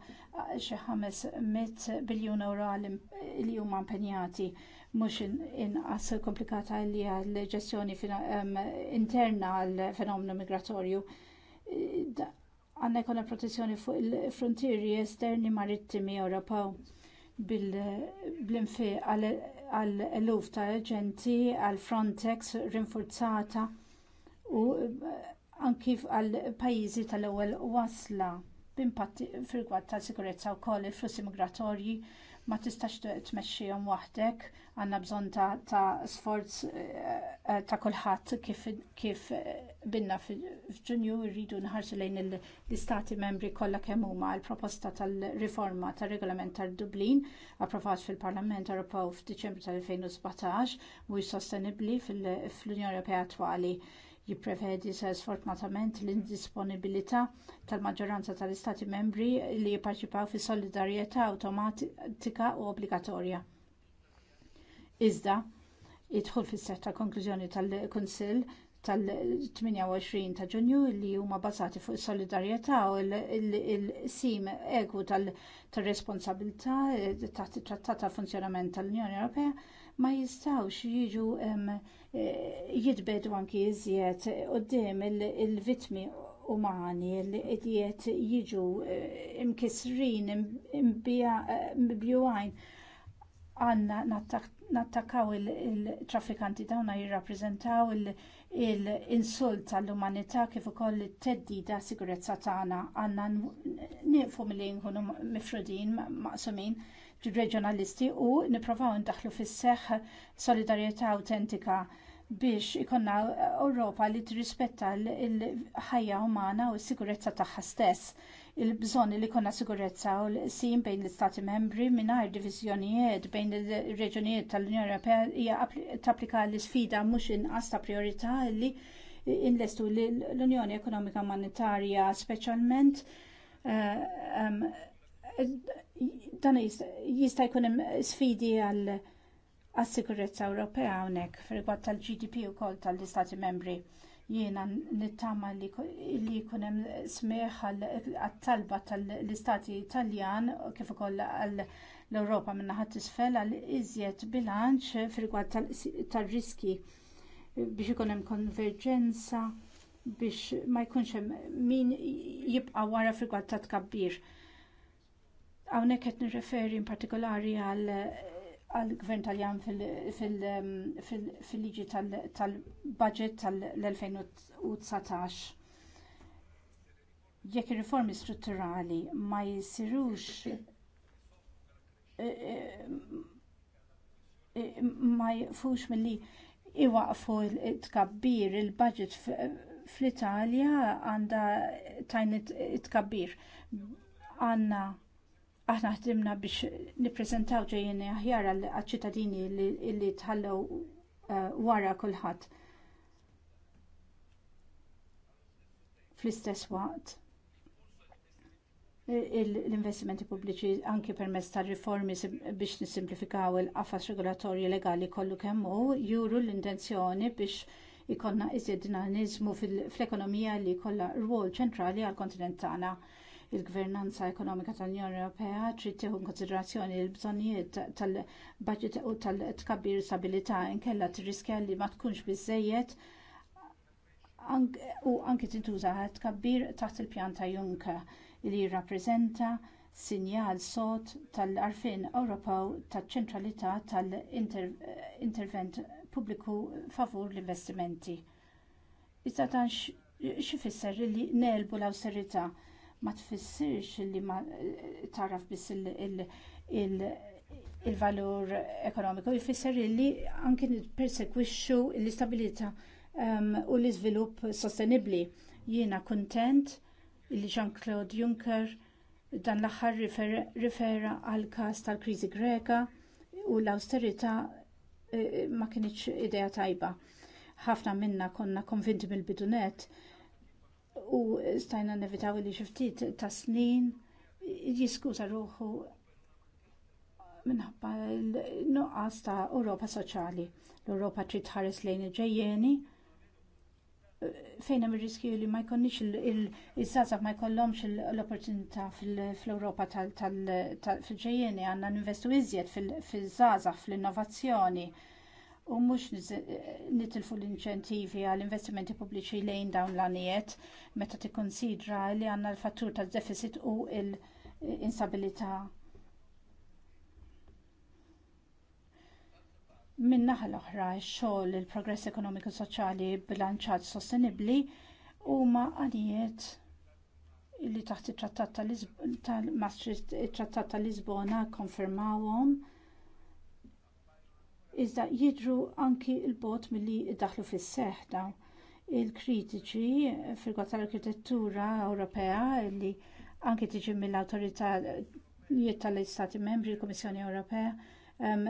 xi 500 mit biljun euro li huma impenjati mhux inqas komplikata li għal ġestjoni interna għal fenomenu migratorju. Għandna jkollna protezzjoni fuq il-frontieri esterni marittimi Ewropew bil-infiq għall eluf ta' aġenti għall Frontex rinforzata u eh, anki għall pajjiżi tal-ewwel wasla b'impatti fil-gwad ta' sikurezza wkoll il-flussi migratorji ma tistax tmexxihom waħdek, għandna bżonn ta', ta sforz eh, eh, ta' kulħadd kif, kif eh, binna f'Ġunju rridu nħarsu lejn l-istati membri kollha kemm huma l-proposta tal-riforma tar-regolament tal-Dublin approvat fil-Parlament Ewropew f'Diċembru tal-2017 mhuwiex sostenibbli fl-Unjoni Ewropea attwali jipprevedi sa sfortunatament l-indisponibilità tal-maġġoranza tal-Istati membri li jipparċipaw fis solidarjetà awtomatika u obbligatorja. Iżda, jidħol fis seħħ tal konklużjoni tal-Kunsill tal-28 ta' Ġunju li huma bbażati fuq is solidarjetà u l-sim eku tal-responsabilità eh, taħt it-Trattat tal-Funzjonament tal-Unjoni Ewropea ma jistawx jiġu jitbedu anki iżjed qoddim il-vitmi umani li qed jiġu imkisrin imbjuwajn għandna nattakaw il-traffikanti dawna jirrappreżentaw l-insult għall-umanità kif ukoll it-teddida sigurezza tagħna għandna nieqfu milli nkunu mifrudin maqsumin reġjonalisti u nipprovaw ndaħlu fis-seħħ solidarjetà awtentika biex ikonna Ewropa li tirrispetta l-ħajja umana u s-sigurezza tagħha stess il-bżonn li jkollna sigurezza u l-sim bejn l-Istati membri mingħajr diviżjonijiet bejn ir reġunijiet tal-Unjoni Ewropea hija tapplika l isfida mhux inqas ta' priorità li inlestu l-Unjoni Ekonomika Monetarja speċjalment eh, dan jista' jkun hemm sfidi għal għas-sikurezza Ewropea hawnhekk fil-rigward tal-GDP wkoll tal-Istati Membri jiena nittama li jkun hemm smieħ għat-talba tal-Istati Italjan kif ukoll għall l-Ewropa minn naħa isfel għal iżjed bilanċ fil-rigward tal-riski biex ikun hemm konverġenza biex ma jkunx hemm min jibqa' wara fil-rigward ta' tkabbir Hawnhekk qed nirreferi in partikolari għal għal-gvern taljan um, fil-liġi tal-budget tal-2019. Jekk ir-riformi strutturali ma jisirux eh, eh, eh, ma jfux milli iwaqfu tkabbir il-budget fl-Italja għandha tajnit it-tkabbir. Għanna aħna ħdimna biex nippreżentaw ġejjeni aħjar għal-ċittadini li tħallew eh, wara kulħadd. Fl-istess waqt l-investimenti pubbliċi anki permezz ta' riformi biex nisimplifikaw il-qafas regolatorji legali kollu kemm hu juru l-intenzjoni biex ikonna iżjed dinamizmu fl-ekonomija li jkollha rwol ċentrali għall kontinent tagħna il-gvernanza ekonomika tal-Unjoni Ewropea trid tieħu konsiderazzjoni l-bżonnijiet tal-budget u tal-tkabbir stabilità inkella tirriskja li ma tkunx biżejjed u anke tintuża tkabbir taħt il-pjan ta' Juncker li jirrappreżenta sinjal sod tal għarfien Ewropew taċ ċentralità tal-intervent pubbliku favur l-investimenti. Iżda dan xifisser li nelbu l-awsterità ma tfissirx li ma eh, taraf biss il-valur ekonomiku, jfisser li anki persekwixxu l istabilita ehm, u l-iżvilupp sostenibbli. Jiena kuntent li Jean-Claude Juncker dan l-aħħar rifera għal każ tal-kriżi Greka u l austerita eh, ma kienieċ idea tajba. Ħafna minna konna konvinti mill-bidunet u stajna nevitaw li xiftit ta' snin jiskuta ruħu minħabba l-nuqqas ta' Europa soċjali. l europa trid tħares lejn il-ġejjeni fejn hemm ir-riskju li ma jkollniex il-żgħażagħ ma jkollhomx l-opportunità fl-Ewropa tal-ġejjeni għandna ninvestu iżjed fil-żgħażagħ fl-innovazzjoni. fil żgħażagħ innovazzjoni u mhux nitilfu l-inċentivi għall investimenti pubbliċi lejn dawn l-għanijiet meta tikkunsidra li għandna l-fattur tad deficit u l-instabilità. Min naħa l-oħra, x-xogħol il-progress ekonomiku soċjali bilanċat sostenibbli huma għanijiet li taħt it-trattat ta' Lisbona kkonfermawhom iżda jidru anki il-bot milli daħlu fis seħħ dawn il-kritiċi fil-gott tal-arkitettura Ewropea li anki tiġi mill-autoritajiet tal-Istati membri, l-Kummissjoni Ewropea, um,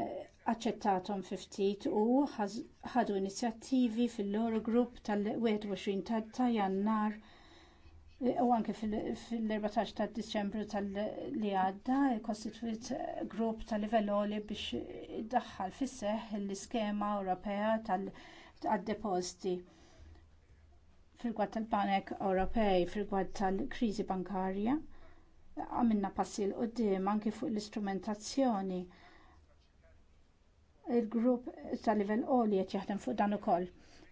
accettatom ftit u ħadu inizjattivi fil-loro grupp tal-21 ta' jannar U anke fil-14 ta' Diċembru tal-li għadda, kostituit grupp tal livell li biex daħħal fisseħ l-iskema Ewropea tal-deposti fil-gwad tal-Banek Ewropej, fil-gwad tal-krizi bankarja, għamilna passi l-qoddim anke fuq l-istrumentazzjoni. Il-grupp tal livell oli qed jaħdem fuq dan ukoll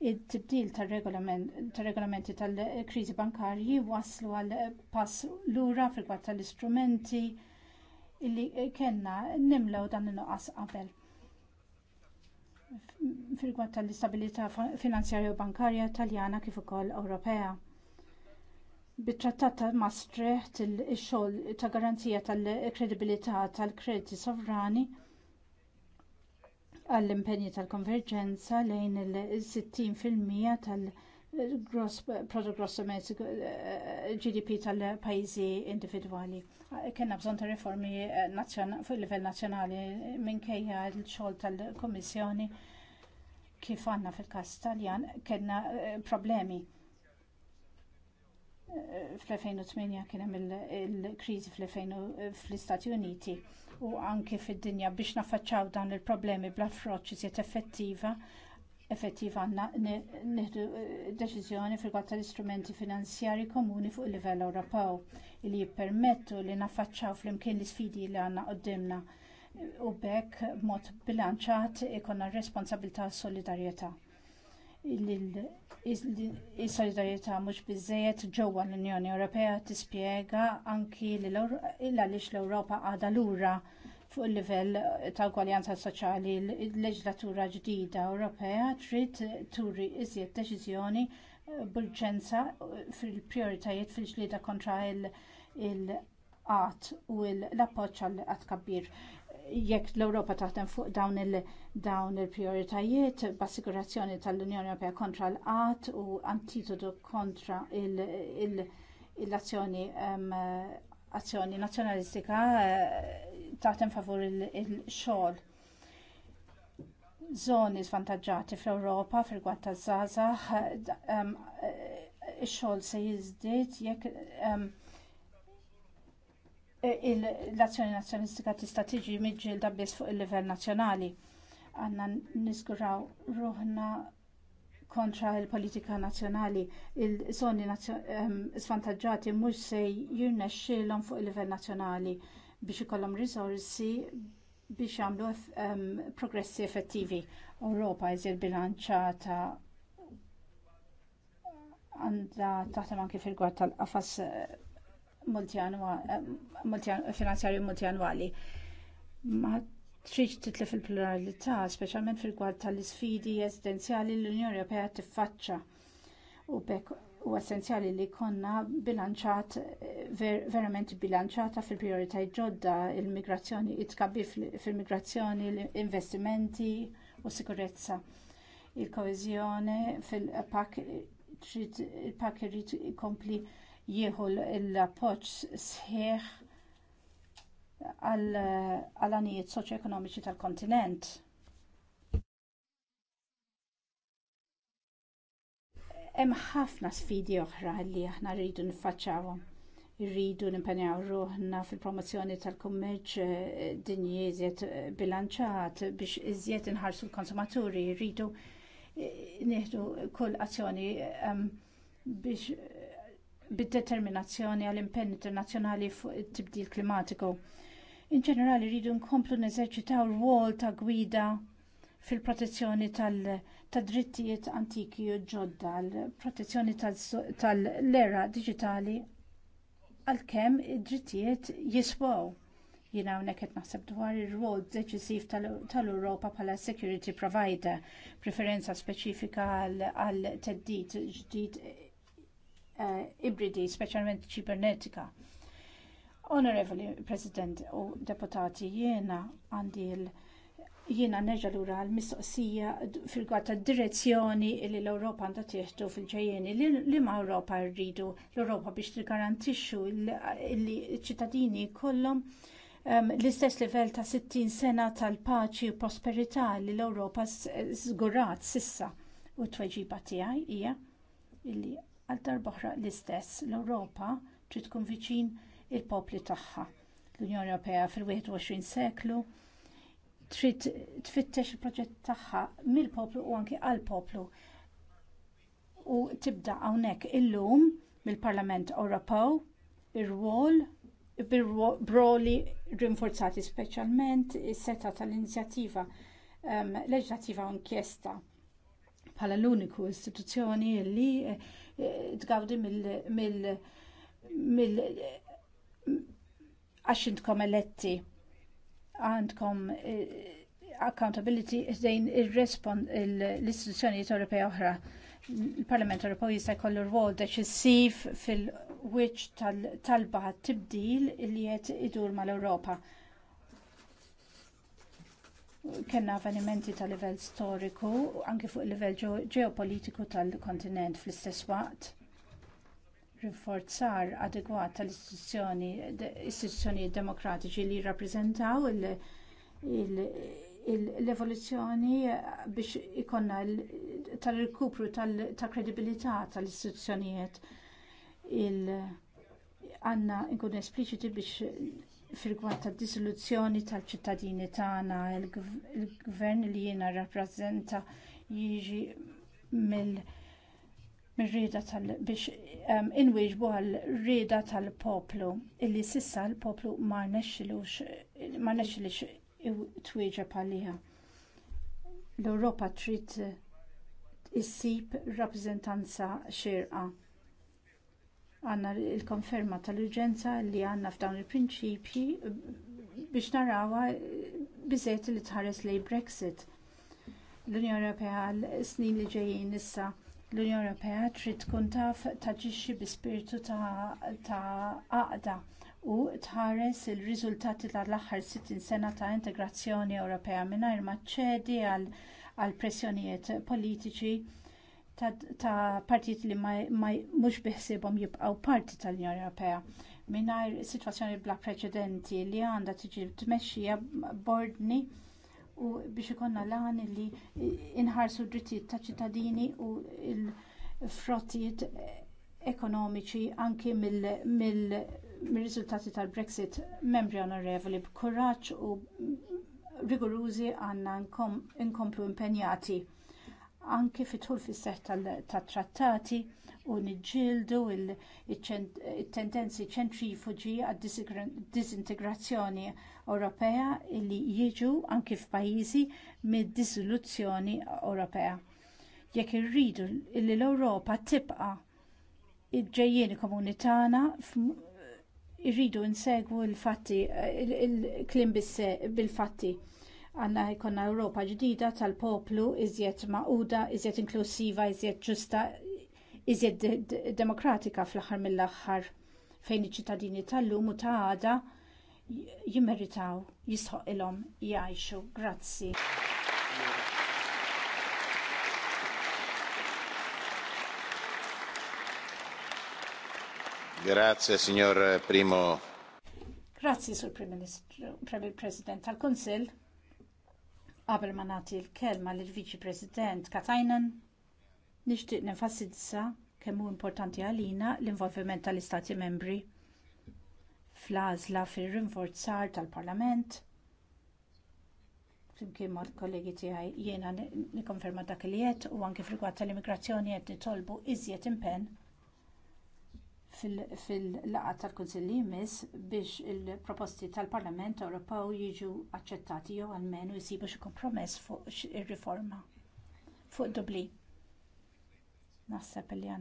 it-tibdil tar-regolamenti tal-kriżi bankarji waslu għal pass lura frigward tal-istrumenti illi kellna nimlew dan in-nuqqas qabel. Frigward tal-istabilità finanzjarja u bankarja Taljana kif ukoll Ewropea. Bit-trattat ta' Maastricht il-xogħol ta' garanzija tal-kredibilità tal-krediti sovrani għall-impenji tal-konverġenza lejn il-60% tal- gross product gross domestic eh, GDP tal-pajjiżi individwali. Kenna bżonn ta' riformi eh, fuq livell nazzjonali minkejja l-xogħol tal-Kummissjoni kif għandna fil-każ Taljan kellna eh, problemi. Fl-2008 kien hemm il-kriżi fl-Istati Uniti u anki fid-dinja biex nafaċċaw dan il-problemi bl-approċċ iżjed effettiva effettiva għanna neħdu eh, deċiżjoni fil tal istrumenti finanzjarji komuni fuq il-livell Ewropew li jippermettu li nafaċċaw flimkien l isfidi li għandna qoddimna u bekk b'mod bilanċat ikonna responsabilta u solidarjetà Is-solidarjetà mhux biżżejjed ġewwa l-Unjoni Ewropea tispjega anki għaliex l-Ewropa għadha lura fuq il-livell ta' gwaljanza soċjali l-leġlatura ġdida Ewropea trid turi iżjed deċiżjoni b'urġenza fil-prioritajiet fil-ġlieda kontra il- għad u l-appoċ għal qatt kabbir jekk l-Ewropa taħdem fuq dawn il-dawn il-prioritajiet b'assigurazzjoni tal-Unjoni Ewropea kontra l qat u antitodu kontra l-azzjoni azzjoni nazzjonalistika eh, taħdem favur il-xogħol. Zoni svantaġġati fl-Ewropa fil-gwatt taż-żgħażagħ eh, eh, ix-xogħol se jiżdied jekk l-azzjoni nazjonistika tista' tiġi miġġielda biss fuq il-livell nazzjonali. Għanna niskuraw ruħna kontra il-politika nazzjonali, il-żoni svantagġati mhux se jirnexxielhom fuq il-livell nazzjonali biex ikollhom risorsi biex jagħmlu progressi effettivi. Europa iżjed bilanċata għandha taħdem anke fil-gwad tal-qafas finanzjarju multianwali. Ma trix titlef il-pluralità, speċjalment fil-gwad tal-isfidi eżidenzjali l-Unjoni Ewropea tiffaċċa u bekk u essenzjali li konna bilanċat, ver, verament bilanċata fil-prioritajt ġodda il-migrazzjoni, it-kabbi fil-migrazzjoni, l-investimenti u sikurezza. Il-koezjoni fil-pak il-pak irrit kompli il jieħu l-appoġġ sħiħ għal anijiet soċjoekonomiċi tal-kontinent. Hemm ħafna sfidi oħra li aħna rridu niffaċċawhom rridu nimpenjaw ruħna fil-promozzjoni tal-kummerċ eh, dinji iżjed bilanċat biex iżjed inħarsu l-konsumaturi, rridu eh, nieħdu kull azzjoni um, biex bid-determinazzjoni għall-impenn internazzjonali fuq it-tibdil klimatiku. In ġenerali rridu nkomplu neżerċitaw rwol ta' gwida fil-protezzjoni tad-drittijiet antiki u ġodda, l-protezzjoni tal-era digitali għalkemm id-drittijiet jiswaw. jien hawnhekk qed naħseb dwar ir-rol deċisiv tal-Ewropa bħala security provider, preferenza speċifika għal teddid ġdid uh, ibridi, speċjalment ċibernetika. Onorevoli President u Deputati, jiena għandi l- jiena nerġa' lura l mistoqsija fil-gwad tad direzzjoni li l-Ewropa għandha tieħdu fil ġajjeni li ma' Europa rridu l-Ewropa biex t-garantixu li ċittadini ċittadini um, ehm, l-istess livell ta' 60 sena tal-paċi u prosperità li l-Ewropa żgurat sissa u t-tweġiba tiegħi hija illi għal darboħra l-istess l-Ewropa trid tkun viċin il-popli tagħha. L-Unjoni Ewropea fil-21 seklu trid tfittex il-proġett tagħha mill-poplu u anke għall-poplu. U tibda hawnhekk illum mill-Parlament Ewropew ir-rwol broli rinforzati speċjalment is-seta tal-inizjattiva um, ehm, leġislattiva u inkjesta bħala l-uniku istituzzjoni li eh, tgawdi mill mill għax intkom eletti għandkom eh, accountability dejn l-istituzzjonijiet Ewropej oħra. Il-Parlament Ewropew jista' jkollu rwol deċissiv fil-wiċċ tal-talba tibdil li qed idur mal-Ewropa kena avvenimenti ta' livell storiku, u anke fuq livell ġeopolitiku tal-kontinent fl-istess waqt. Rinforzar adegwat tal-istituzzjoni demokratiċi li jirrappreżentaw l-evoluzzjoni biex ikonna tal-rikupru tal-kredibilità tal-istituzzjonijiet il għanna espliċiti biex fil ta' dissoluzzjoni tal-ċittadini tagħna il-gvern li jiena rappreżenta jiġi mill mir-rieda tal biex um, inwieġbu għal rieda tal-poplu illi sissa l-poplu ma nexxilux twieġeb għaliha. L-Ewropa trid issib rappreżentanza xirqa għanna il-konferma tal-urġenza li għanna f'dawn il-prinċipji eh, biex narawa eh, biżejt li tħares lej Brexit. l unja Ewropea l-snin li ġejjin issa l unja Ewropea trid tkun taf taġixxi bi spiritu ta' għaqda u tħares il-riżultati tal-aħħar 60 sena ta' integrazzjoni Ewropea mingħajr ma ċedi għal pressjonijiet politiċi ta' partijiet li ma mhux biħsibom jibqgħu parti tal-Unjoni Ewropea mingħajr sitwazzjoni bla preċedenti li għandha tiġi tmexxija bordni u biex ikonna lan li inħarsu drittijiet ta' ċittadini u l-frottijiet ekonomiċi anki mill-riżultati tal-Brexit membri onorevoli b'kuraġġ u rigurużi għandna nkomplu impenjati anki fitħul fis seħħ tat-trattati u niġġieldu t tendenzi ċentrifuġi għad disintegrazzjoni Ewropea li jiġu anki f'pajjiżi mid dissoluzzjoni Ewropea. Jekk irridu li l-Ewropa tibqa' ġejjieni komuni tagħna irridu nsegwu l-fatti il-klim bil-fatti. Għanna jkonna Ewropa ġdida tal-poplu iżjed maquda, iżjed inklusiva, iżjed ġusta, iżjed demokratika fl-aħħar mill-aħħar fejn iċ-ċittadini tal-lum u ta' għada jimmeritaw, jisħoq ilhom jgħixu. Grazzi. Grazie, signor Primo. Grazie, Sur Prim Ministru, President tal-Konsil. Qabel ma nagħti l-kelma lill viċi President Katajnen, nixtieq nenfasizza kemm hu importanti għalina l-involviment tal-Istati Membri fl-għażla fir-rinforzar tal-Parlament. Flimkien mal kollegi tiegħi jiena nikkonferma dak li qed u anke fil tal-immigrazzjoni qed nitolbu iżjed impenn fil-laqa tal-Kunsill li jmiss biex il-proposti tal-Parlament Ewropew jiġu aċċettati jew almenu jsibu xi kompromess fuq ir-riforma fuq dubli. Naħseb li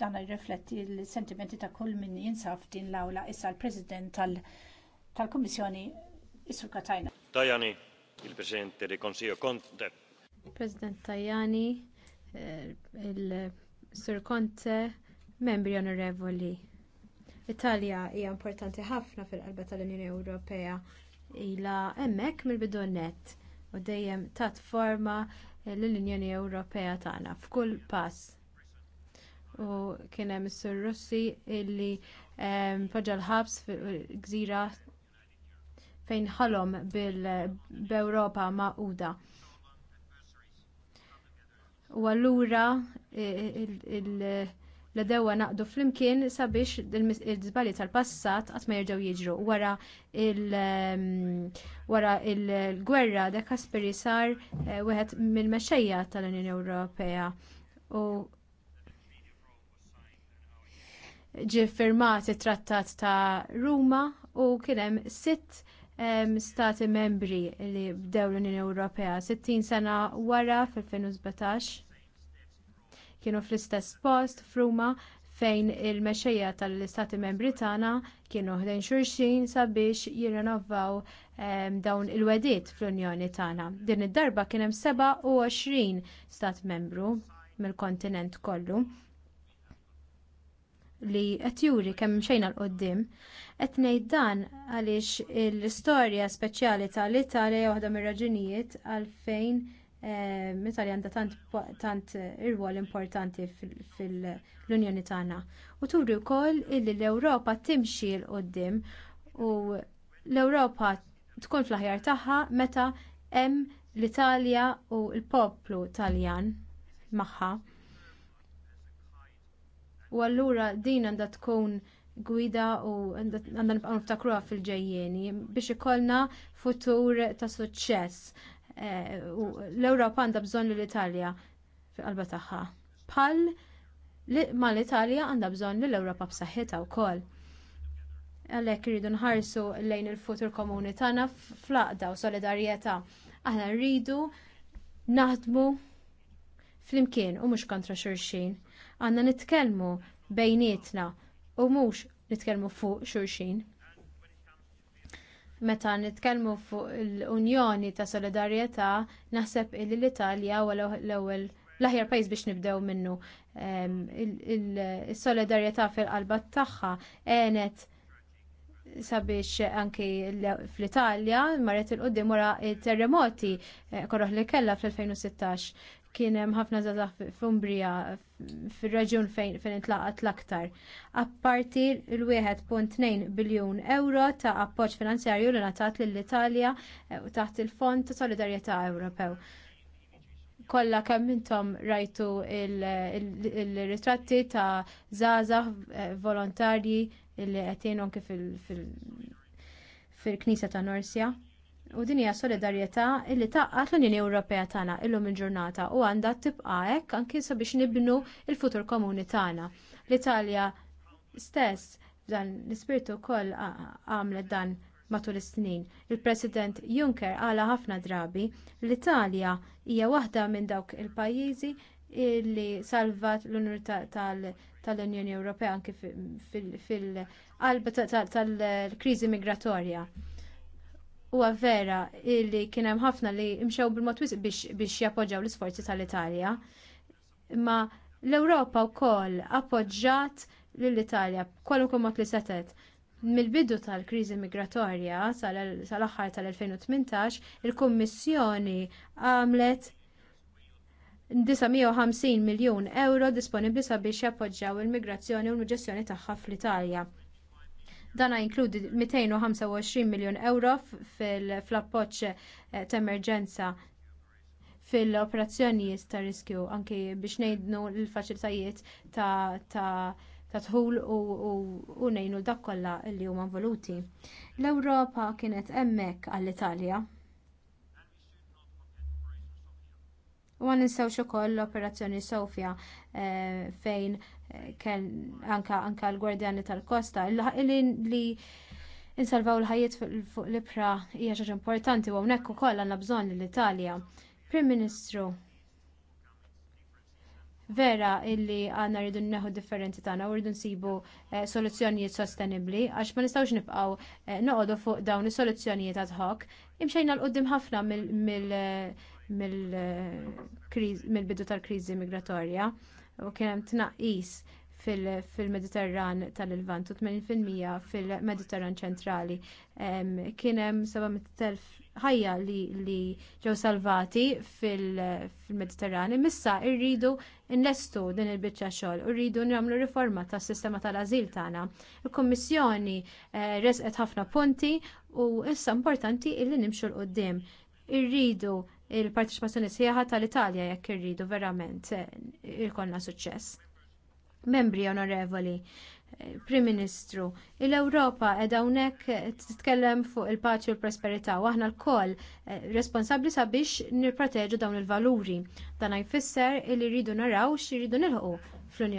dan jirrifletti l-sentimenti ta' kull min jinsaf din l-awla issa l-President tal-Kummissjoni Isru Katajna. Tajani, il-President del Consiglio Conte. President Tajani, eh, il-Sur Conte, Membri onorevoli, Italja hija importanti ħafna fil-qalba tal-Unjoni Ewropea ilha hemmhekk mill-bidonnet u dejjem tat forma l-Unjoni Ewropea tagħna f'kull pass. U kien hemm is-Sur Russi illi ehm, poġġa l-ħabs fil-gżira fejn ħalom bil-Ewropa maquda. U allura il- li dewa naqdu flimkien sabiex il-żbali tal-passat qatt ma jerġgħu jiġru. Wara il- ehm, gwerra de Kasperi sar eh, wieħed mill-mexxejja tal-Unjoni Ewropea u ġie firmat it-Trattat ta' Ruma u kien hemm sitt ehm, stati membri li bdew l-Unjoni Ewropea 60 sena wara fil-2017 kienu fl-istess post f'Ruma fejn il-mexxejja tal-Istati Membri tagħna kienu ħdejn xulxin sabiex jirrenovaw ehm, dawn il-wedit fl-Unjoni tagħna. Din id-darba kien hemm 27 stat membru mill-kontinent kollu li qed juri kemm xejna l qoddim Qed ngħid dan għaliex l-istorja speċjali tal-Italja waħda mir-raġunijiet għalfejn Eh, l-Italja għandha tant eh, irwol importanti fil-Unjoni tagħna. U turi wkoll illi l-Ewropa timxi l qoddim u l-Ewropa tkun fl-aħjar tagħha meta hemm l-Italja u l-poplu Taljan magħha. U allura din għandha tkun gwida u għandha nibqgħu niftakruha fil-ġejjieni biex ikollna futur ta' suċċess Eh, l-Ewropa għandha bżonn l-Italja fil-qalba tagħha. Pall, ma l-Italja għandha bżonn l-Ewropa b'saħħitha wkoll. Għalhekk irridu nħarsu lejn il-futur komuni tagħna fl laqda u solidarjetà. Aħna rridu naħdmu flimkien u mhux kontra xulxin. Għandna nitkellmu bejnietna u mhux nitkellmu fuq xulxin meta nitkellmu fuq l-Unjoni ta' Solidarjetà naħseb li l-Italja huwa l-ewwel l-aħjar pajjiż biex nibdew minnu. Is-solidarjetà fil-qalba tagħha għenet sabiex anki fl-Italja marret il-qoddim wara terremoti eh, korroħ li kellha fl-2016 kien hemm ħafna żgħażagħ f'Umbrija fir-raġun fejn fejn intlaqat l-aktar. Apparti l-1.2 biljun euro ta' appoġġ finanzjarju li ngħatat lill-Italja eh, taħt il-Fond ta' Solidarjetà Ewropew. Kollha kemm intom rajtu il-ritratti ta' żgħażagħ eh, volontarji li qed kif fil-Knisa ta' Norsja U din hija solidarjetà illi taqgħat l-Unjoni Ewropea tagħna illum il-ġurnata u għandha tibqa' hekk anke sabiex nibnu l-futur komuni tagħna. L-Italja stess dan l-ispirtu wkoll għamlet dan matul is-snin. Il-President Juncker għala ħafna drabi l-Italja hija waħda minn dawk il-pajjiżi illi salvat l-unur tal-Unjoni Ewropea anke fil-qalba tal-kriżi migratorja huwa vera li kien hemm ħafna li mxew bil-mod biex, biex jappoġġaw l-isforzi tal-Italja. Ma l-Ewropa wkoll appoġġat lill-Italja kwalunkwe mod li setet. Mill-bidu tal-kriżi migratorja sal-aħħar tal-2018, il-Kummissjoni għamlet 950 miljun euro disponibbli sabiex jappoġġaw il-migrazzjoni u l-ġestjoni tagħha fl-Italja. Dana jinkludi 225 miljon euro fil-appoċ eh, ta' emerġenza fil-operazzjonijiet ta' riskju anki biex ngħidnu l-faċilitajiet ta' tħul u nejnu dak kollha li huma voluti. L-Ewropa kienet hemmhekk għall-Italja. U għan ninsewx ukoll l-operazzjoni Sofja eh, fejn anka anka l-gwardjani tal-kosta li insalvaw l-ħajiet fuq l-ibra hija xi importanti u hawnhekk ukoll għandna bżonn l-Italja. Prim Ministru, vera illi għandna rridu neħu differenti tagħna u rridu nsibu eh, soluzzjonijiet sostenibbli għax ma nistgħux nibqgħu eh, noqogħdu fuq dawn is-soluzzjonijiet ad hoc. Imxejna l qudiem ħafna eh, mill-bidu tal-kriżi migratorja u kien hemm tnaqqis fil-Mediterran tal-Ilvant u 80% fil-Mediterran ċentrali. Kien hemm 700.000 ħajja li ġew salvati fil-Mediterran. Missa rridu nlestu din il-biċċa xogħol u rridu nagħmlu riforma tas-sistema tal-ażil tagħna. Il-Kummissjoni eh, resqet ħafna punti u issa importanti illi nimxu l-qudiem. Irridu il-partiċipazzjoni sieħa tal-Italja jekk irridu verament eh, ikonna suċċess. Membri onorevoli, eh, Prim Ministru, l-Ewropa ed hawnhekk eh, titkellem fuq il-paċi u l-prosperità u aħna lkoll responsabbli sabiex nipproteġu dawn il-valuri. Dan jfisser li rridu naraw x'iridu nilħu fl-Unjoni.